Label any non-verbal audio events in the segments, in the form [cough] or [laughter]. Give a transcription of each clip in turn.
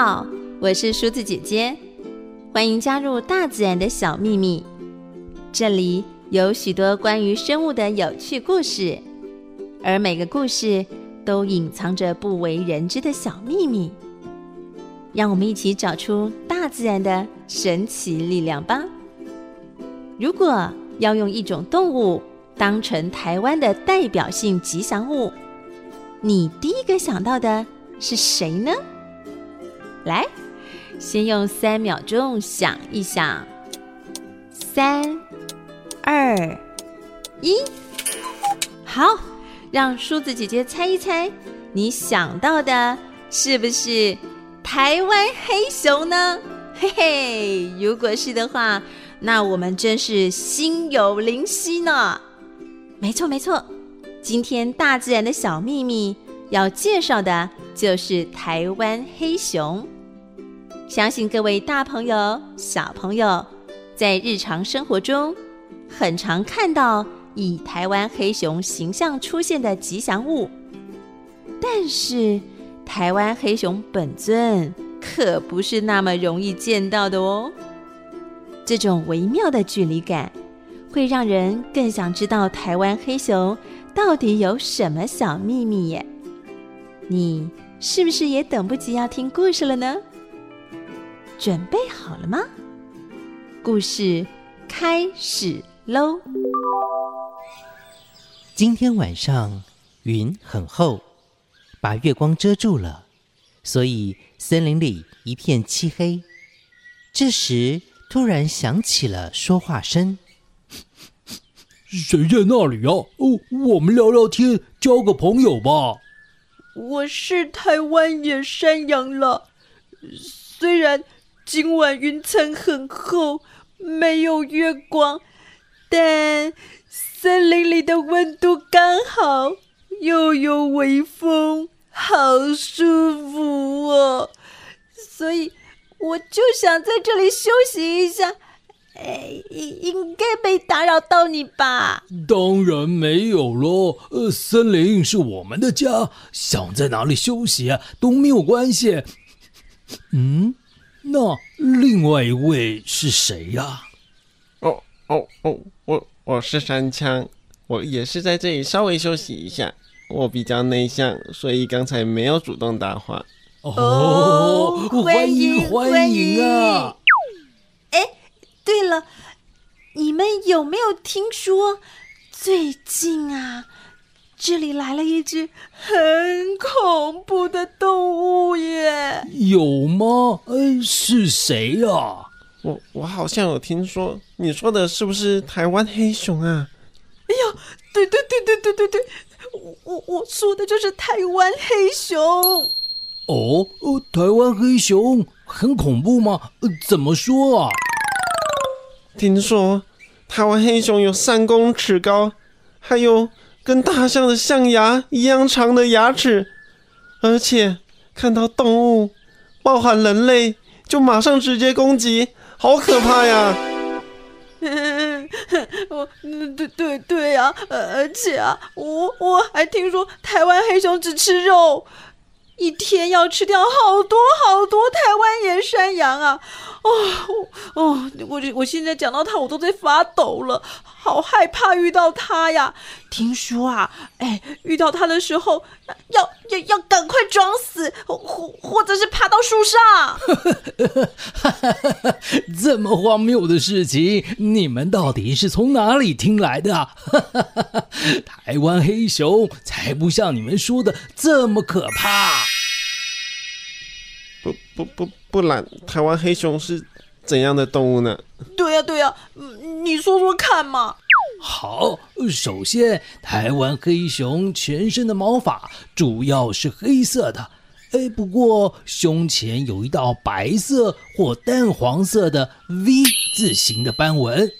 好，我是梳子姐姐，歡迎加入大自然的小秘密。這裡有許多關於生物的有趣故事，而每個故事都隱藏着不為人知的小秘密。讓我們一起找出大自然的神奇力量吧。如果要用一種動物當成台灣的代表性吉祥物，你第一個想到的是誰呢？來，先用三秒鐘想一想，三、二、一，好，讓梳子姐姐猜一猜，你想到的是不是台灣黑熊呢？嘿嘿，如果是的話，那我們真是心有靈犀呢。沒錯，沒錯，今天大自然的小秘密要介紹的就是台灣黑熊。相信各位大朋友、小朋友，在日常生活中很常看到以台灣黑熊形象出現的吉祥物，但是台灣黑熊本尊可不是那麼容易見到的哦。這種微妙的距離感，會讓人更想知道台灣黑熊到底有什麼小秘密耶、啊？你是不是也等不及要聽故事了呢？準備好了嗎？故事開始嘍。今天晚上雲很厚，把月光遮住了，所以森林裡一片漆黑。這時突然響起了說話聲：“誰在那裡呀？哦，我們聊聊天，交個朋友吧。”我是台灣野山羊了，雖然……今晚雲層很厚，沒有月光，但森林裡的溫度剛好，又有微風，好舒服哦。所以我就想在這裡休息一下，誒、呃，應該沒打擾到你吧？當然沒有嘍。呃，森林是我們的家，想在哪裡休息，啊，都沒有關係。嗯。那另外一位是誰呀、啊？哦哦哦，哦，我我是山羌，我也是在這裡稍微休息一下。我比較內向，所以剛才沒有主動搭話。哦，歡迎歡迎啊！哎、 [noise] 欸，對了，你們有沒有聽說最近啊？這裡來了一隻很恐怖的動物耶！有嗎？哎，是誰呀、啊？我我好像有聽說，你說的是不是台灣黑熊啊？哎呀，對對對對對對對，我我我說的就是台灣黑熊。哦，哦，台灣黑熊，很恐怖嗎？呃，怎麼說啊？聽說台灣黑熊有三公尺高，還有。跟大象的象牙一樣長的牙齒，而且看到動物，包含人類，就馬上直接攻擊，好可怕呀！ [laughs] 嗯、我，對對對、啊、呀、呃，而且啊，我我還聽說台灣黑熊只吃肉，一天要吃掉好多好多台灣野山羊啊。哦，哦，我我我現在講到他，我都在發抖了，好害怕遇到他呀！聽說啊，哎，遇到他的時候，要要要趕快裝死，或或者是爬到樹上。 [laughs] 這麼荒謬的事情，你們到底是從哪裡聽來的？ [laughs] 台灣黑熊才不像你們說的這麼可怕。不不不。不不然，台灣黑熊是怎樣的動物呢？對呀、啊、對呀、啊，你說說看嘛。好，首先，台灣黑熊全身的毛髮主要是黑色的，哎，不過胸前有一道白色或淡黃色的 V 字形的斑紋。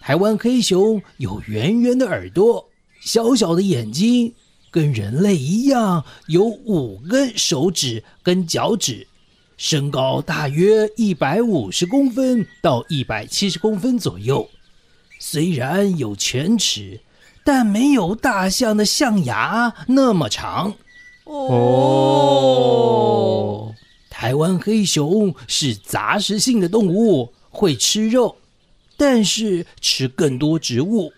台灣黑熊有圓圓的耳朵，小小的眼睛，跟人類一樣有五根手指跟腳趾。身高大約一百五十公分到一百七十公分左右，雖然有犬齒，但沒有大象的象牙那麼長哦。哦，台灣黑熊是雜食性的動物，會吃肉，但是吃更多植物，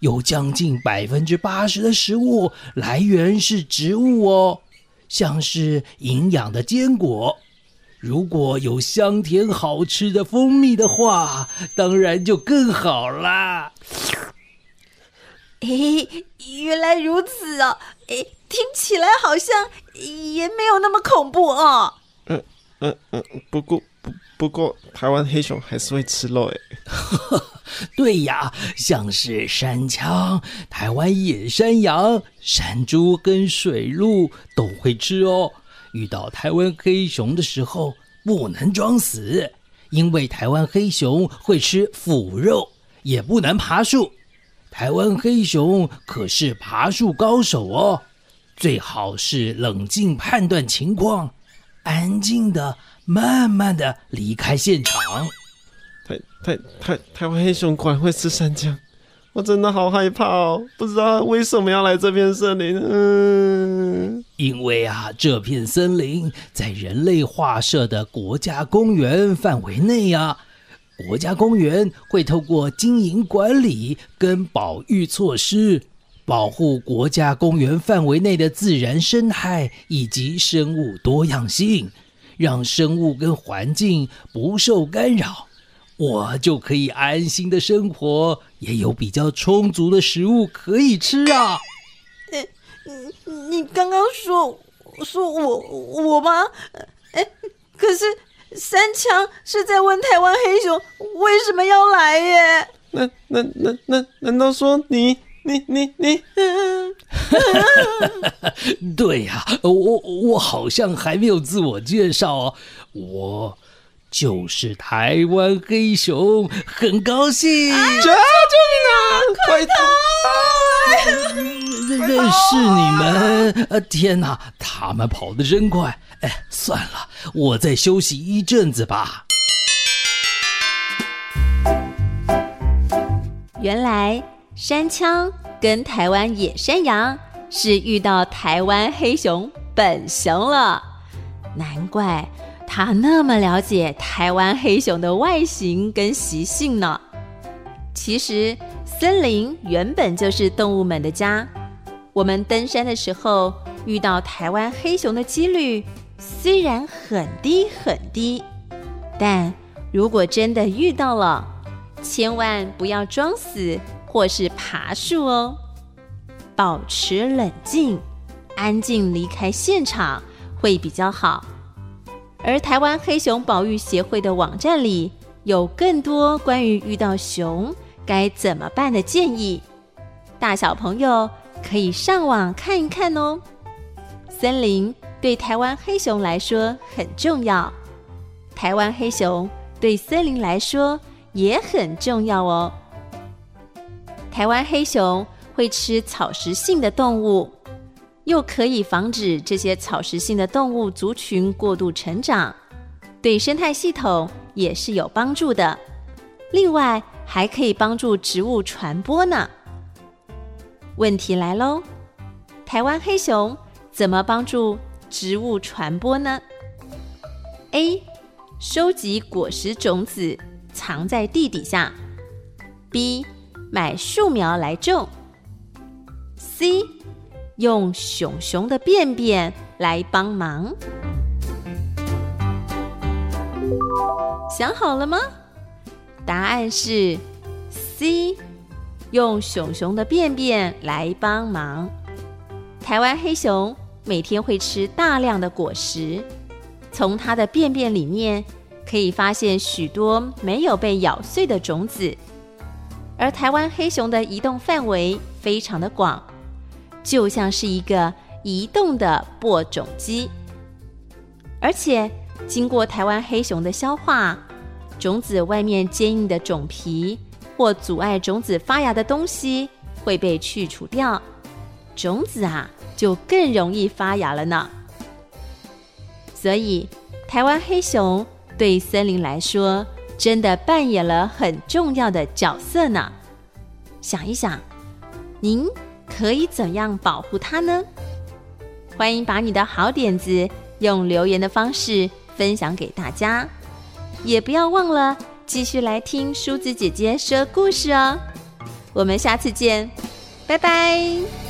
有將近百分之八十的食物來源是植物哦，像是營養的堅果。如果有香甜好吃的蜂蜜的話，當然就更好啦。嘿，原來如此哦，誒，聽起來好像也沒有那麼恐怖哦。嗯嗯嗯，不過不不過台灣黑熊還是會吃肉誒。 [laughs] 對呀，像是山羌、台灣野山羊、山豬跟水鹿都會吃哦。遇到台灣黑熊的時候，不能裝死，因為台灣黑熊會吃腐肉；也不能爬樹，台灣黑熊可是爬樹高手哦。最好是冷靜判斷情況，安靜的、慢慢的離開現場。台台台台灣黑熊果然會吃山羌，我真的好害怕哦！不知道為什麼要來這片森林，嗯。因為啊，這片森林在人類劃設的國家公園範圍內啊，國家公園會透過經營管理跟保育措施，保護國家公園範圍內的自然生態以及生物多樣性，讓生物跟環境不受干擾，我就可以安心的生活，也有比較充足的食物可以吃啊。嗯嗯。你剛剛說，說我我嗎？哎，可是三強是在問台灣黑熊為什麼要來耶？難難難難難道說你你你你？你你啊、 [laughs] [laughs] [laughs] 對呀，我我好像還沒有自我介紹哦，我就是台灣黑熊，很高興。哎正啊啊、快逃！啊啊認識你們，呃，天哪，他們跑得真快！哎，算了，我再休息一陣子吧。原來山羌跟台灣野山羊是遇到台灣黑熊本熊了，難怪他那麼了解台灣黑熊的外形跟習性呢。其實，森林原本就是動物們的家。我們登山的時候遇到台灣黑熊的幾率雖然很低很低，但如果真的遇到了，千萬不要裝死或是爬樹哦，保持冷靜，安靜離開現場會比較好。而台灣黑熊保育協會的網站裡有更多關於遇到熊該怎麼辦的建議，大小朋友。可以上網看一看哦。森林對台灣黑熊來說很重要，台灣黑熊對森林來說也很重要哦。台灣黑熊會吃草食性的動物，又可以防止這些草食性的動物族群過度成長，對生態系統也是有幫助的。另外，還可以幫助植物傳播呢。問題來嘍！台灣黑熊怎麼幫助植物傳播呢？A. 收集果實種子藏在地底下。B. 買樹苗來種。C. 用熊熊的便便來幫忙。想好了嗎？答案是 C。用熊熊的便便來幫忙。台灣黑熊每天會吃大量的果實，從它的便便裡面可以發現許多沒有被咬碎的種子。而台灣黑熊的移動範圍非常的廣，就像是一個移動的播種機。而且經過台灣黑熊的消化，種子外面堅硬的種皮。或阻礙種子發芽的東西會被去除掉，種子啊就更容易發芽了呢。所以，台灣黑熊對森林來說真的扮演了很重要的角色呢。想一想，您可以怎樣保護它呢？歡迎把你的好點子用留言的方式分享給大家，也不要忘了。繼續來聽梳子姐姐說故事哦，我們下次見，拜拜。